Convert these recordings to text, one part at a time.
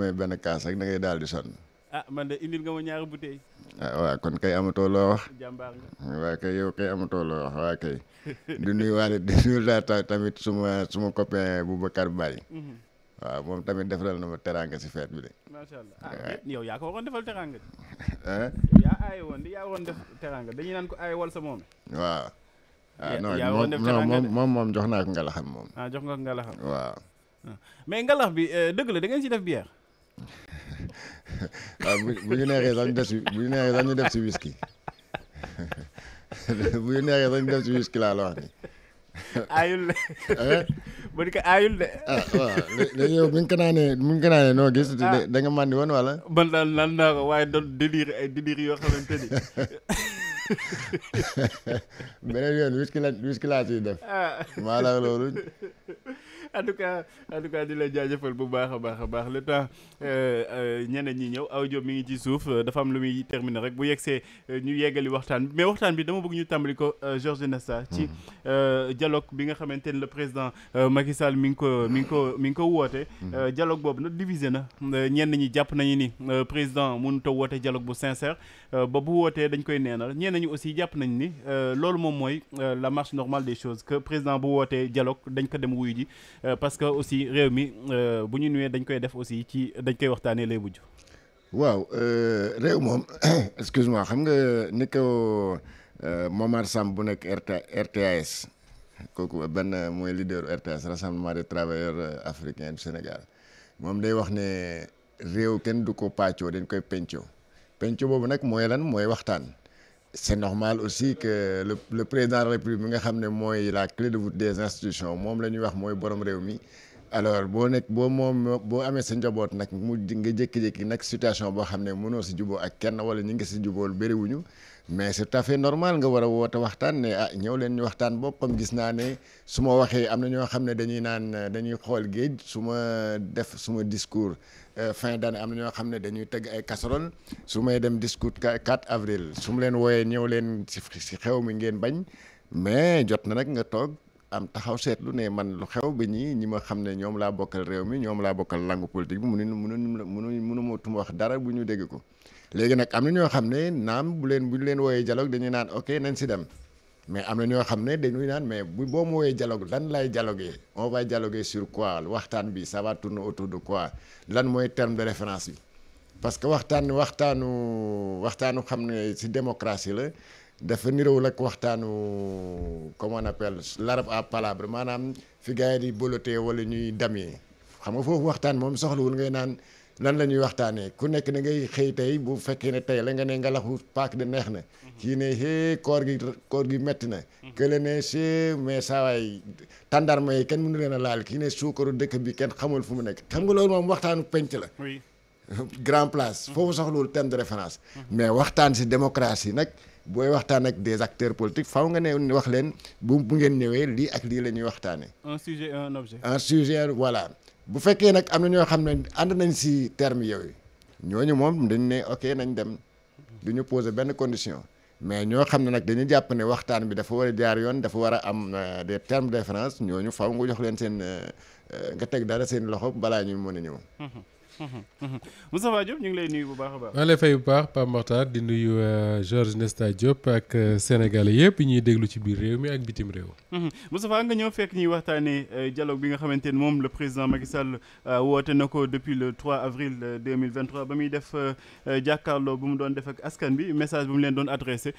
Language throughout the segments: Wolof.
amee benn kaas rek da ngay daal di sonn. ah man de indil nga ma ñaari bouteille. ah kon kay amatoo loo wax. jàmbaar nga waaw kay yow kay amatoo loo wax waaw kay. di nuyuwaale di nuyuwaale tamit suma suma copain Boubacar Mbaye. Mhm. waaw moom tamit defal na ma teraanga si feet bi de. macha allah ah yow yaa ko waroon defal teraanga. yow yaa aaye woon di yaa waroon def teraanga dañuy naan ko aaye wal sa moom. waaw. ah non moom moom moom jox naa ko ngalaxam moom. Ah, jox nga ko ngalaxam. waaw. Ah. mais ngalax bi euh, dëgg la da ngeen si def bière. waaw bu ñu neexee sax ñu def si bu ñu neexee sax ñu def si whisky bu ñu neexee sax def si whisky laa la ni aayul de. Eh? bu ñu ko aayul de. ah waaw léegi yow mi ngi noo gis. Ah. da nga màndi woon wala. man daal naan waaye doon délire ay délire yoo xamante ni. beneen yoon whisky la whisky laa ciy def. Ah. maa la loolu. en tout cas en di la jaajëfal bu baax a baax a baax le temps euh, euh, ñeneen ñi ñëw aw audio mi ngi ci suuf euh, dafa am lu muy terminer rek bu yegsee ñu yeggali waxtaan mais waxtaan bi dama bëgg ñu tàmbali ko Georges Nassa ci mhm. dialogue bi nga xamante ne le président Macky Sall mi ngi ko mi ngi ko mi ngi ko woote mhm. dialogue boobu nag divisé na ñenn ñi jàpp nañu ni président mënut a woote dialogue bu sincère ba bu wootee dañ koy neenal ñenn ñi aussi jàpp nañ ni loolu moom mooy la marche normale des choses que président bu wootee dialogue dañ ko dem wuyu ji Euh, parce que aussi réew mi euh, bu ñu nuyee dañ koy def aussi ci dañ koy waxtaanee lay mujj. waaw euh, réew moom excuse xam nga ni ko Momar Samb bu nekk RTA RTAS kooku benn mooy leader RTS rassemblement des travailleurs africains du Sénégal moom day wax ne réew kenn du ko pàccoo dañ koy pencoo pencoo boobu nag mooy lan mooy waxtaan. c'est normal aussi que le le président de la république bi nga xam ne mooy la clé de des institutions moom la ñuy wax mooy boroom réew mi alors boo nekk boo moom boo amee sa njaboot nag mu nga jékki-jékki nag situation boo xam ne mënoo si juboo ak kenn wala ñu ngi si jubóol bëriwuñu mais c'est tout à fait normal nga war a woote waxtaan ne ah ñëw leen ñu waxtaan boobu comme gis naa ne su ma waxee am na ñoo xam ne dañuy naan dañuy xool géej su ma def suma discours fin d'année am na ñoo xam ne dañuy tëgg ay casserole su may dem discours 4 avril su ma leen wooyee ñëw leen si si xew mi ngeen bañ mais jot na nag nga toog am taxaw seetlu ne man lu xew ba ñii ñi ma xam ne ñoom laa bokkal réew mi ñoom laa bokkal langue politique bi mënuñu mënuñu mënuñu mënuma tuma wax dara bu ñu dégg ko léegi nag am na ñoo xam ne naam bu leen bu ñu leen wooyee dialogue dañuy naan ok nañ si dem mais am na ñoo xam ne dañuy naan mais bu boo ma wooyee dialogue lan lay dialoguer on va dialoguer sur quoi waxtaan bi ça va tourner autour de quoi lan mooy terme de référence yi parce que waxtaan waxtaanu waxtaanu xam ne si démocratie la dafa niroowul ak waxtaanu comment on appelle l'arabe à palabre maanaam fi gars yi di bolotee wala ñuy damee xam nga foofu waxtaan moom soxlawul ngay naan. lan la ñuy waxtaanee ku nekk da ngay xëy tey bu fekkee ne tey la nga ne nga laxu paak de neex na mhm. kii ne hee koor gi koor gi metti na mhm. kële ne see mais saawaay tàndarma yi kenn mënu leen a laal kii ne suukaru dëkk bi kenn xamul fu mu nekk xam nga loolu moom waxtaanu penc la grand place mhm. foofu soxlawul ten de référence mais waxtaan si démocratie nag booy waxtaan ak des acteurs politiques faaw nga ne wax leen bu bu ngeen ñëwee lii ak lii la ñuy waxtaanee un sujet un objet un sujet voilà bu fekkee nag am na ñoo xam ne ànd nañ si terme yooyu ñooñu moom dañ ne ok nañ dem du ñu poser benn condition mais ñoo xam ne nag dañu jàpp ne waxtaan bi dafa war a jaar yoon dafa war a am euh, de termes de ñoo ñu faw nga jox leen seen euh, euh, nga teg dara seen loxo balaa ñu mën a ñëw. Mhm. Moustapha Diop ñu ngi lay nuyu bu baax a baax. maa lay fay bu baax Pape Makhtar di nuyu euh, Georges Nesta Diop ak euh, sénégalais yëpp ñuy déglu ci biir réew mi ak bitim réew. Moustapha nga ñëw fekk ñuy waxtaanee euh, dialogue bi nga xamante ni moom leen doon adressé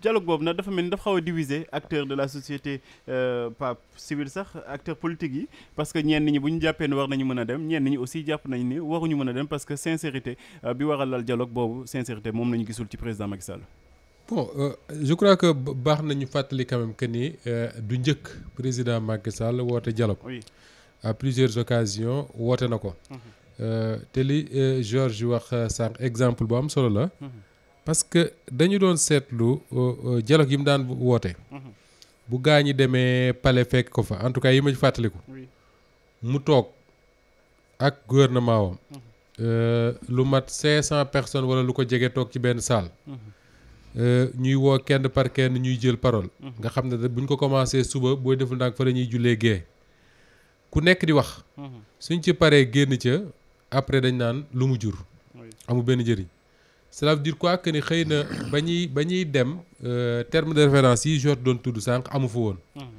dialogue boobu nag dafa mel ni dafa xaw a diviser de la société Pape civil sax acteurs politiques yi parce que ñenn ñi bu ñu jàppee ne war nañu mën a dem ñenn ñi aussi jàpp nañu. ni waruñu mën a dem parce que sincérité euh, bi waralal dialogue boobu sincérité moom la ñu gisul ci président Macky euh, je crois que baax nañu fàttali quand même ni euh, du njëkk président Macky Sall woote dialogue. oui à plusieurs occasions woote na ko. Mhm. te li Georges wax sànq exemple bu am solo la. Mhm. parce que dañu doon seetlu dialogue yi mu daan woote. Mhm. bu gaa ñi demee palais fekk ko fa en tout cas yi ma fàttaliku. mu toog ak gouvernement wam euh, lu mat 500 personnes wala lu ko jege toog ci benn salle. Euh, ñuy woo kenn par kenn ñuy jël parole. nga xam ne bu buñ ko commencé suba booy deful ndànk fa la ñuy jullee gee. ku nekk di wax. suñ ci paree génn ca après dañ naan lu mu jur. amul benn njëriñ. cela veut dire quoi que ni xëy na ba ñuy ba ñuy dem euh, terme de référence yi Georges doon tudd sànq amu fa woon. Mm-hmm.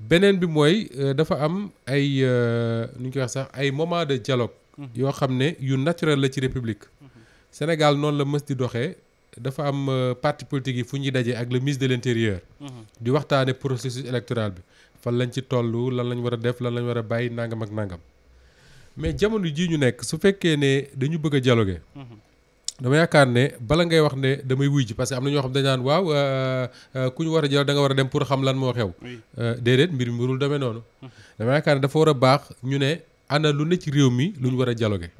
beneen bi mooy euh, dafa am ay euh, nu ñu koy wax sax ay moment de dialogue mhm. yoo xam ne yu naturel la ci république. Mhm. Sénégal noonu la mës di doxee dafa am euh, parti politique yi fu ñuy dajee ak le ministre de l'intérieur. Mhm. di waxtaane processus électoral bi. fan lañ ci toll lan lañ war a def lan lañ war a bàyyi nangam ak nangam mais jamono jii ñu nekk su fekkee ne dañu bëgg a dialoguer dama yaakaar ne bala ngay wax ne damay wuy ji parce que am na ñoo xam dañ naan waaw euh, euh, ku ñu war a jël danga war a dem pour xam lan moo xew. Euh, déedéet mbir mi warul demee noonu. dama yaakaar ne dafa war a baax ñu ne ana lu ne ci réew mi lu ñu war a dialogué.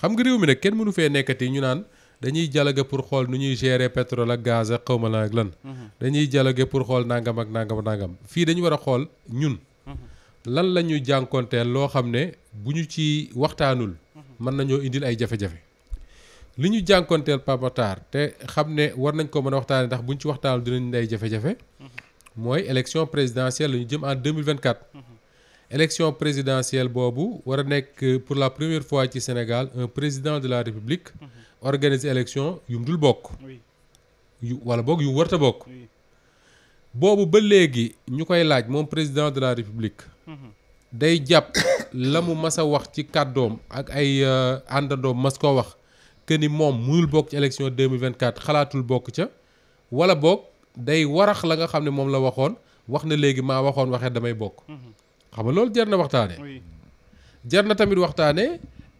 xam nga réew mi nag kenn mënu fee nekkati ñu naan dañuy dialogué pour xool nu ñuy gérer pétrole ak gaz ak xawma lan ak lan. dañuy dialogué pour xool nangam ak nangam ak nangam fii dañu war a xool ñun. lan la ñuy jànkoonteel loo xam ne bu ñu ci waxtaanul. mën nañoo indil ay jafe li ñu jànkonteel Papatar te xam ne war nañ ko mën a waxtaanee ndax buñ ci waxtaanal dinañ ndey jafe-jafe mooy élection présidentielle la ñu jëm en 2024 élection présidentielle boobu war a nekk pour la première fois ci Sénégal un président de la République organiser élection yu mu dul bokk wala boog yu warta bokk boobu ba léegi ñu koy laaj moom président de la République day jàpp la mu mas wax ci kàddoom ak ay euh, àndandoom mas koo wax que ni moom mënul bokk ci élection 2024 xalaatul bokk ca wala boog day warax la nga xam ne moom la waxoon wax na léegi maa waxoon waxee damay bokk. xam nga loolu jar na waxtaane jar na tamit waxtaane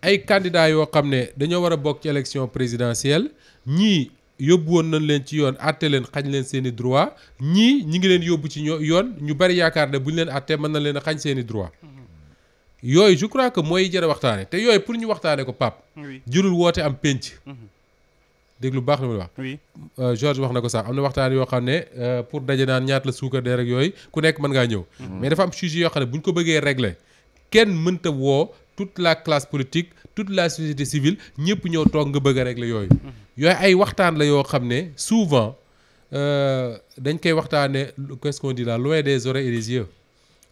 ay candidats yoo xam ne dañoo war a bokk ci élection présidentielle ñii yóbbu woon nañ leen ci yoon àtte leen xañ leen seen droit ñii ñi ngi leen yóbbu ci yoon ñu bari yaakaar ne bu ñu leen àttee mën na leen xañ seeni i droit. Hmm. yooyu je crois que mooy jërë waxtaane te yooyu pour ñu waxtaane ko pap jurul woote am pénc mhm. dégg lu baax la muy wax euh, George wax na ko sax am na waxtaan yoo xam ne euh, pour daje naan ñaata la suukar dee rek yooyu ku nekk mën ngaa ñëw mhm. mais dafa am sujet yoo xam ne bu ñu ko bëggee régler kenn mënta woo tout la classe politique toute la société civile ñëpp ñëw toog nga bëgg a régler yooyu mhm. yooyu ay waxtaan la yoo xam ne souvent euh, dañ koy waxtaane qu'est-ce qu'on dit là loin des oreilles et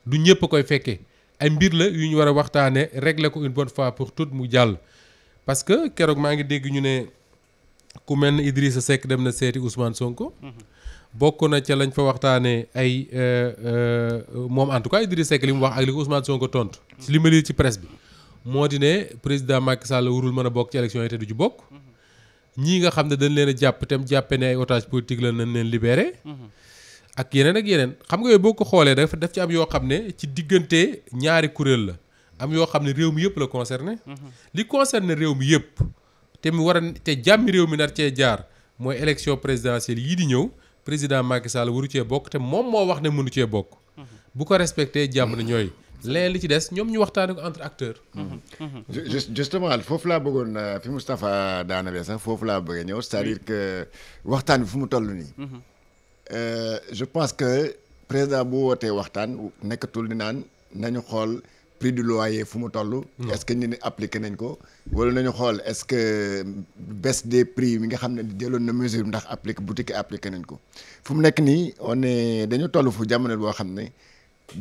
du ñëpp koy fekkee ay mbir la yu ñu war a waxtaanee régler ko une bonne fois pour mu jàll. parce que keroog maa ngi dégg ñu ne ku mel ni sa sekk dem na seeti Ousmane Sonko. Mhm. bokk na ca lañ fa waxtaanee ay euh, euh, moom en tout cas Idrissa Seck li mu wax ak li ko Ousmane Sonko tontu. ci li ma ci presse bi. moo di ne président Macky Sall warul mën a bokk ci élection yi te du ci bokk. Mhm. ñii nga xam ne dañ leen jàpp itam jàppe ne ay otage politique la nañ leen libéré. Mhm. ak yeneen ak yeneen xam nga yooyu boo ko xoolee dafa def ci am yoo xam ne ci diggante ñaari kuréel la am yoo xam ne réew mi yëpp la concerné. Mhm. li concerné réew mi yëpp te mu war a te jàmmi réew mi nar cee jaar mooy élection présidentielle yii di ñëw président Macky Sall waru cee bokk te moom moo wax ne mënu cee bokk. Mhm. bu ko respecté jàmm na ñooy. Mhm. leneen li ci des ñoom ñu waxtaanee ko entre acteurs. justement foofu laa bëggoon euh, fi Moustapha daanabee sax foofu laa bëggee ñëw cest à waxtaan bi fu mu toll nii. Euh, je pense que président bu wootee waxtaan nekkatul di naan nañu xool prix du loyer fu mu toll. est-ce que ni ni appliqué nañ ko. wala nañu xool est-ce que baisse de prix mi nga xam ne jëloon na mesure ndax bu boutique appliqué nañ ko fu mu nekk nii on est dañu toll fu jamono boo xam ne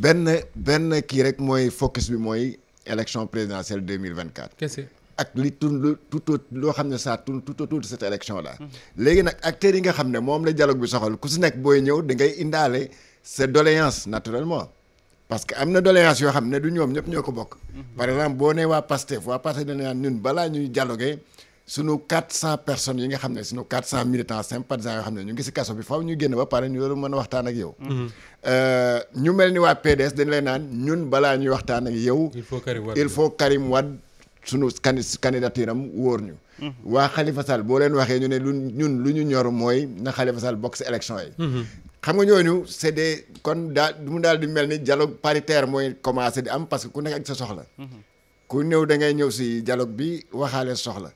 benn benn kii rek mooy focus bi mooy élection présidentielle deux mille vingt-quatre. ak li tout tout loo xam ne ça tout autour de cette élection là. léegi nag acteurs yi nga xam ne moom la dialogue bi soxal ku si nekk booy ñëw da indaale sa doléance naturellement. parce que am na doléance yoo xam ne du ñoom ñëpp ñoo ko bokk. par exemple boo nee waa PASTEF waa PASTEF dañu naan balaa ñuy dialoguer sunu personnes yi nga xam ne sunu 400 militants sympathisants yoo xam ne ñu ngi si kaso bi faw ñu génn ba pare ñu war a mën a waxtaan ak yow. Mhm. Euh, ñu mel ni waa sunu cani candidature am wóor ñu. waa Khalifa Sall boo leen waxee ñu ne lu ñun lu ñu ñor mooy na Khalifa Sall bokk si élection yi. Mhm. xam nga ñooñu c'est des kon daal mu daal di mel ni dialogue paritaire mooy commencé di am parce que ku nekk ak sa soxla. Mhm. ku ñëw da ngay ñëw si dialogue bi waxaale soxla.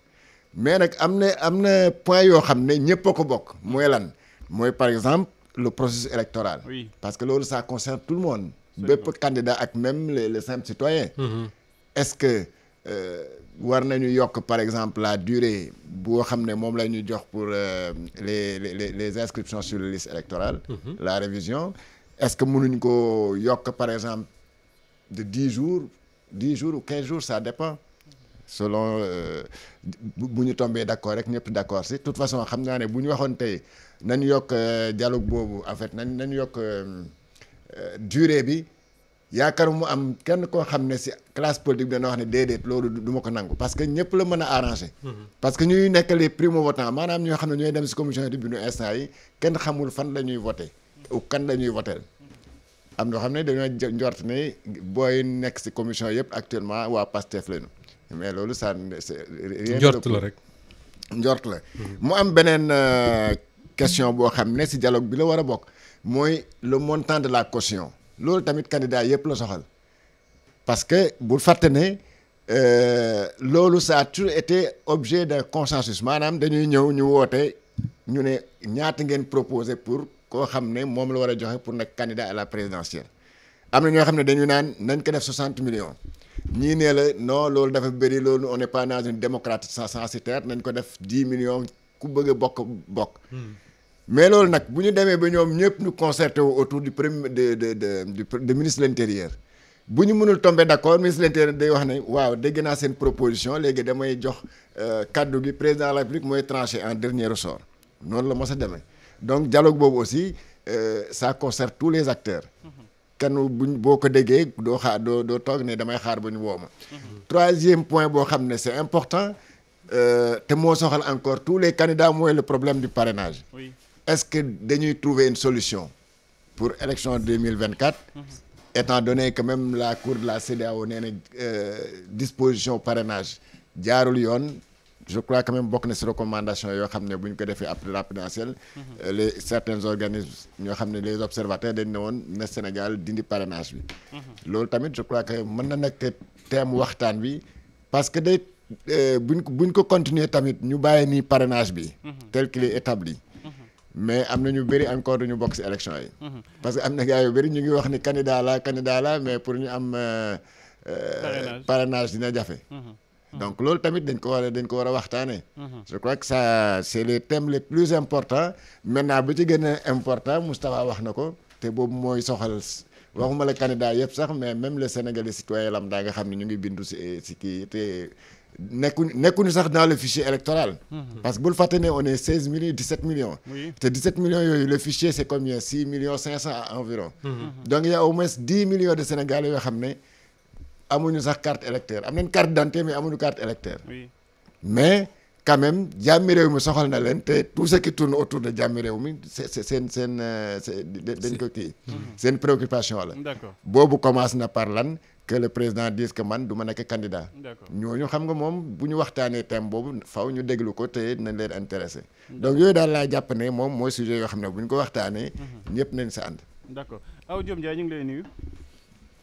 mais nag am na am na point yoo xam ne ñëpp ko bokk. mooy lan mooy par exemple lu processus électoral. parce que loolu ça concerne tout le monde. bépp candidat ak même Euh, war nañu yokk par exemple la durée boo xam ne moom la ñu jox pour euh, les les les inscriptions sur les listes mm-hmm. la révision est-ce que mënuñ ko yokk par exemple de dix jours dix jours ou quinze jours ça dépend. selon euh, bu ñu tombee d'accord rek ñëpp d'accord si tout façon xam naa ne bu ñu waxoon tey nañu yokk dialogue boobu en fait nañu nañu yokk durée bi. yaakaar mu am kenn koo xam ne si classe politique bi dana wax ne déedéet loolu du ma ko nangu parce que ñëpp la mën a arrangé. Mhm. parce que ñuy nekk le primo votants maanaam ñoo xam ne ñooy dem si commission de bureau instant yi kenn xamul fan la ñuy voté kan la ñuy voté am na xam ne dañoo njort ne booy nekk si commission yëpp actuellement waa PASTEF lañu mais loolu ça njort la rek. njort la mhm. mu am beneen euh, question boo xam ne si dialogue bi la war a bokk mooy le montant de la caution. loolu tamit candidat yëpp la soxal parce que bu fàtte ne euh, loolu ça a été objet de consensus maanaam dañuy ñëw ñu woote ñu ne ñaata ngeen proposé pour koo xam ne moom la war a joxe pour nag candidat à la présidentielle am na ñoo xam ne dañu naan nañ ko def 60 millions ñii nee la non loolu dafa bëri loolu on n'est pas dans une démocratie censitaire nañ ko def 10 millions ku bëgg a bokk bokk. Hmm. mais loolu nag bu ñu demee ba ñoom ñëpp ñu concerté wu autour du premier de de de de ministre de l'intérieur bu ñu mënul tombé d'accord ministre de l'intérieur day wax ne waaw dégg naa seen proposition léegi damay jox euh, kaddu gi président de la république mooy tranché en dernier ressort noonu la mos a deme donc dialogue boobu aussi euh, ça concerne tous les acteurs. kenn bu boo ko déggee doo xaar doo doo toog ne damay xaar ba ñu woo ma. troisième point boo xam ne c'est important euh, te moo soxal encore tous les candidats mooy le problème du parrainage. est-ce que dañuy trouver une solution pour élection 2024 mmh. étant donné que même la cour de la CEDEAO nee na euh, disposition parrainage jaarul yoon je crois quand même bokk na si recommandation yoo xam ne buñ ko defee après la présidentielle mm-hmm. euh, les certains organismes ñoo xam ne les observateurs dañ ne woon na Sénégal dindi parrainage bi mm-hmm. loolu tamit je crois que mën na nekk thème waxtaan bi parce que day euh, buñ buñ ko continuer tamit ñu bàyyi nii parrainage bi mm-hmm. tel qu'il est établi mais am na ñu bëri encore du ñu bokk si élection yi. Mhm. parce que am na gars yu bëri ñu ngi wax ni candidat la candidat la mais pour ñu am. Euh, euh, parrainage dina jafe. Mhm. Mhm. donc loolu tamit dañ ko war a dañ ko war a waxtaanee. je crois que ça c' est les thèmes les plus importants maintenant bi ci gën important Moustapha wax na ko te boobu mooy soxal. waxuma la candidat yëpp sax mais même le Sénégalais citoyen daa nga xam ne ñu ngi bindu si si kii te nekkuñu nekkuñu sax dans le fichier électoral. Mhm. parce que bul fàtte on est 16 millions 17 millions. te 17 millions yooyu le fichier c' est combien 6 millions 500 environ. Mhm. Mhm. donc y' a au moins 10 millions de Sénégalais yoo xam ne amuñu sax carte électeur am nañ carte d' identité mais amuñu carte électeur mais quand même jàmmi réew mi soxal na leen te tout ce qui tourne autour de jàmmi réew mi c'est seen seen dañ ko kii mm-hmm. seen préoccupation la boobu commence na par lan que le président dise man du ma nekk candidat ñooñu xam nga moom bu ñu waxtaanee thème boobu faw ñu déglu ko te nañ leen intéressé donc yooyu daal laa jàpp ne moom mooy sujet yoo xam ne bu ñu ko waxtaanee mm-hmm. ñëpp nañ sa ànd d'accord aw Diome Ndiaye ñu ngi lay nuyu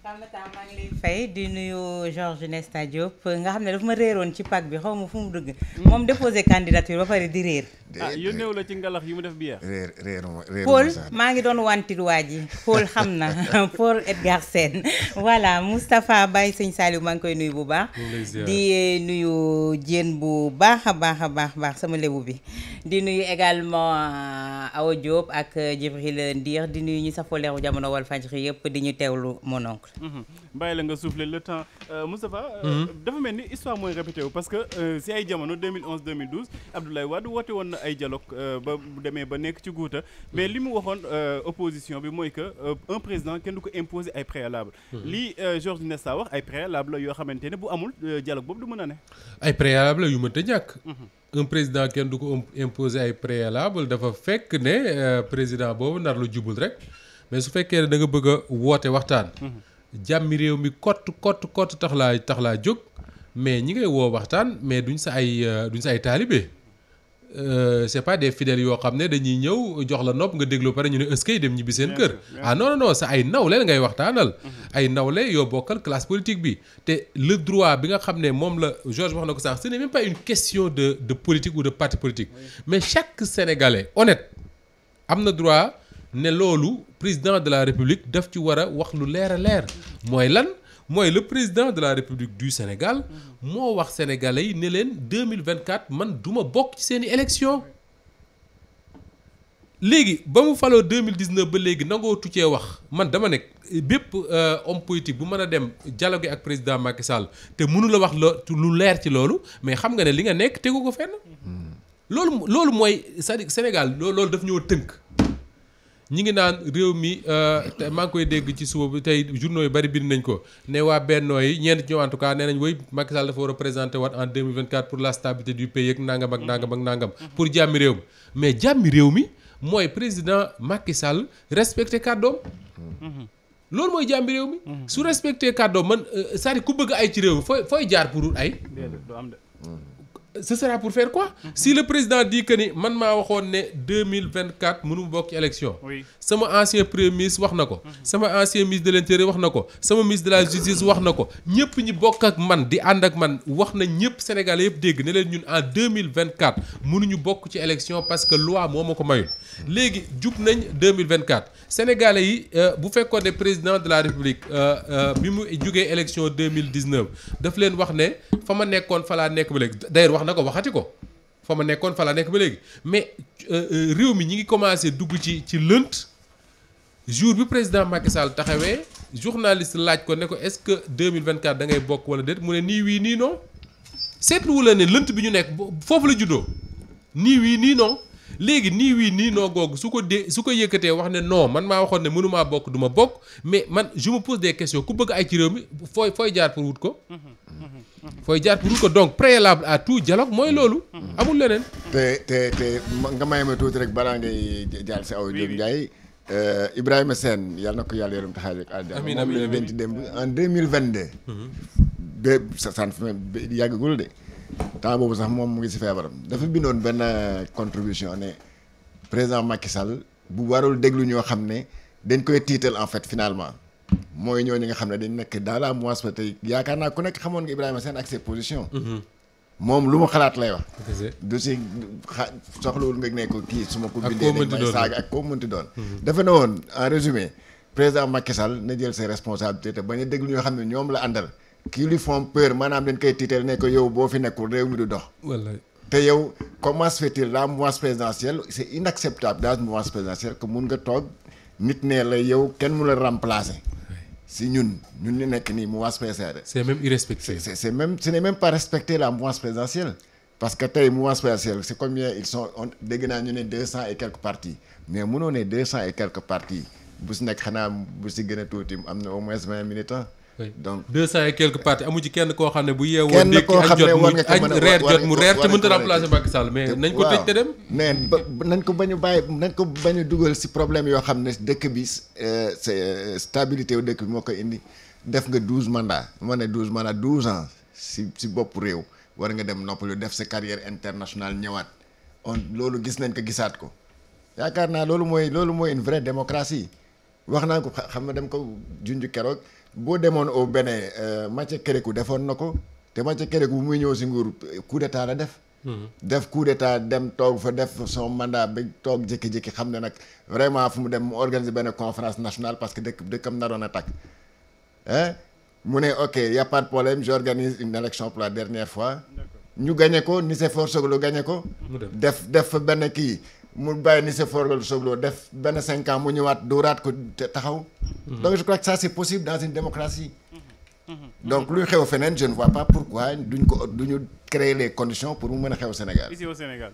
Fambata maa di nuyu Georges Nesta Diop nga xam ne dafa ma réeroon ci pack bi xaw ma fu mu dugg. Hmm. moom déposé candidature ba pare di réer. ah yónneew la ci ngalax yu mu def biir. réer réer Paul maa ngi doon wantil waa ji Paul xam na Paul Edgar Sène voilà Moustapha bàyyi sëñ Saliou maa ngi koy nuyu bu baax. di eh, nuyu Diène bu baax a baax a baax baax sama lébu bi. di nuyu également euh, Awa Diop ak euh, Djibril Ndir di nuyu ñu safoo leeru jamono wall Walfadjri yëpp di ñu teewlu mon oncle Mm-hmm. bàyyi la nga souffler le temps euh, Moustapha. Euh, mm-hmm. dafa mel ni histoire mooy répété parce que euh, si ay jamono 2011 2012 Abdoulaye Wade woote woon na ay dialogue ba demee ba nekk ci guuta mais mm-hmm. li mu waxoon opposition bi mooy que un président kenn du ko imposer ay préalable lii Georges Nesta wax ay préalable la yoo xamante ne bu amul dialogue boobu du mën a ne. ay préalable yu mënta ñàkk. un président kenn du ko imposer ay préalable dafa fekk ne président boobu nar lu jubul rek mais su fekkee ne da nga bëgg a woote waxtaan. jàmmi réew mi cote kott kott tax laa tax laa jóg mais ñi ngay woo waxtaan mais duñ sa ay euh, duñ sa ay taalibe euh, c'est pas de fidèles yoo xam ne dañuy ñëw jox la nopp nga déglu pare ñu ne ëskay dem ñibbi seen kër ah non non sa ay nawle ngay waxtaanal mm-hmm. ay nawle yoo bokkal classe politique bi te le droit bi nga xam ne moom la Georges wax na ko sànq ce n'est même question de de politique ou de parti politique mais chaque Sénégalais honnête am na droit ne loolu président de la république daf ci war a wax lu leer a leer mooy lan mooy le président de la république du Sénégal moo wax sénégalais yi ne leen 2024 man du ma bokk ci seeni élection léegi ba mu faloo 2019 ba léegi nangoo cee wax man dama nekk bépp euh, homme politique bu mën a dem jalo gi ak président Macky te mënu la wax lu leer ci loolu mais xam nga ne li nga nekk tegu ko fenn hmm. loolu loolu mooy cest Sénégal loolu daf ñoo tënk ñu ngi naan réew mi euh, maa ngi koy dégg ci suba bi tey journaux yu bari bind nañ ko ne waa bennoo yi ñeent ci ñoom en tout cas nee nañ woy Macky Sall dafa war a présenté waat en 2024 pour la stabilité du pays ak nangam ak nangam ak nangam. Mhm. pour jàmmi réew mi mais jàmmi réew mi mooy président Macky Sall respecté kàddoom. Mhm. loolu mooy jàmbi réew mi. Mhm. su respecté kàddoom man euh, cest ku bëgg ay ci réew mi fooy fooy jaar pour ay. ce sera pour faire quoi mhm. si le président dit que ni man ma waxoon ne deux mille vingt quatre mënu bokk ci élection sama ancien premier wax na ko mhm. sama ancien ministre de l'intérieur wax na ko sama ministre de la justice wax na ko ñëpp ñi bokk ak man di ànd ak man wax na ñëpp Sénégalais yëpp dégg ne leen ñun en deux mille vingt quatre mënuñu bokk ci élection parce que loi moo ma ko mayul léegi jub nañ 2024 sénégalais yi euh, bu fekkoon ne président de la république euh, euh, bi mu jugee élection 2019 daf leen wax ne fa ma nekkoon fa nekk ba léegi d'ailleurs wax na ko waxati ko fa ma nekkoon fa laa nekk ba léegi mais réew mi ñi ngi commencé dugg ci ci lënt jour bi président Macky Sall taxawee journaliste laaj ko ne ko est-ce que 2024 da ngay bokk wala déet mu ne nii wii nii non seetlu wu la ne lënt bi ñu nekk foofu la juddoo nii wii nii non. léegi nii wii nii noo googu su ko dee su ko yëkkatee wax ne noo man maa waxoon ne mënumaa bokk duma bokk mais man je me question des ku bëgg ay ci réew mi fooy fooy jaar pour wut ko. fooy jaar pour wut ko donc préalable à tout dialogue mooy loolu. amul leneen. te te te nga may ma tuuti rek balaa ngay jaar si aw Diop Ndiaye. Euh, Ibrahima Sène yàlla na ko yàlla yërëm taxaw rek. amiin amiin amiin moom la ñu dem en deux mille vingt deux. Mhm. ba sa sànq yàggagul de. temps boobu sax moom mu ngi si feebaram dafa bindoon benn contribution ne président Macky Sall bu warul déglu ñoo xam ne dañ koy tiital en fait finalement mooy ñooñu nga xam ne dañ nekk dans la moisse ba tey yaakaar naa ku nekk xamoon nga Ibrahima seen ak ses positions. Mhm. moom lu mu xalaat lay wax. du si xa soxlawul nga ne ko kii su ma ko. bindee dañ may saaga ak koo mënti doon. Mhm. dafa ne woon en résumé président Macky Sall na jël see responsabilités te bañ a déglu ñoo xam ne ñoom la àndal. kii lui font peur maanaam dañ koy tiital ne yow boo fi nekkul réew mi du dox. wallaay te yow comment se fait-il la mouvance présidentielle c' est inacceptable dans une mouvance présidentielle que mun nga toog nit ne la yow kenn mu la remplacer. si ñun ñun ñu nekk nii mu présidentielle. c' est même irrespecté. c' est c' est même ce n' est la mouvance présidentielle. parce que tey mouvance présidentielle c' est combien ils sont dégg naa ñu ne deux cent et quelques partis mais mënoo ne deux cent et quelques partis si nekk xanaa bu si gën tuuti am na au moins vingt militants. donc deux cent et quelques partis amu kenn koo xam ne bu yeewoo. kenn koo xam ko mën a reer jot mu reer te mënut a remplacer Macky Sall mais nañ ko tëj te dem. mais nañ ko bañ a bàyyi nañ ko bañ dugal si problème yoo xam ne dëkk bi euh, euh, stabilité wu dëkk bi moo koy indi def nga douze mandats ma ne douze mandats douze ans si si bopp réew war nga dem noppalu def sa carrière international ñëwaat on loolu gis nañ ko gisaat ko yaakaar naa loolu mooy loolu mooy une vraie démocratie wax naa ko xam nga dem ko junj keroog. boo demoon au Bénin euh, Mathieu Kérékou defoon na ko te Mathieu Kérékou bu muy ñëw si nguur coup d'état la def. Mhm. def coup d'état dem toog fa def soo mandat bi toog jékki-jékki xam ne nag vraiment fu mu dem mu organiser benn conférence nationale parce que dëkk dëkkam naroon attaque hein mu ne ok y a pas de problème j'organise une élection pour la dernière fois. ñu gagné ko ni ses forces lu gagné ko. def def fa benn kii. mu bàyyi ni sa forgal sobloo def benn cinq ans mu ñëwaat dóoraat ko taxaw. Mhm. donc je crois que ça c'est possible dans une démocratie. Mhm. Mhm. donc luy xew feneen je ne vois pas pourquoi duñ ko créer les conditions pour mu mën a xew Sénégal. ici au Sénégal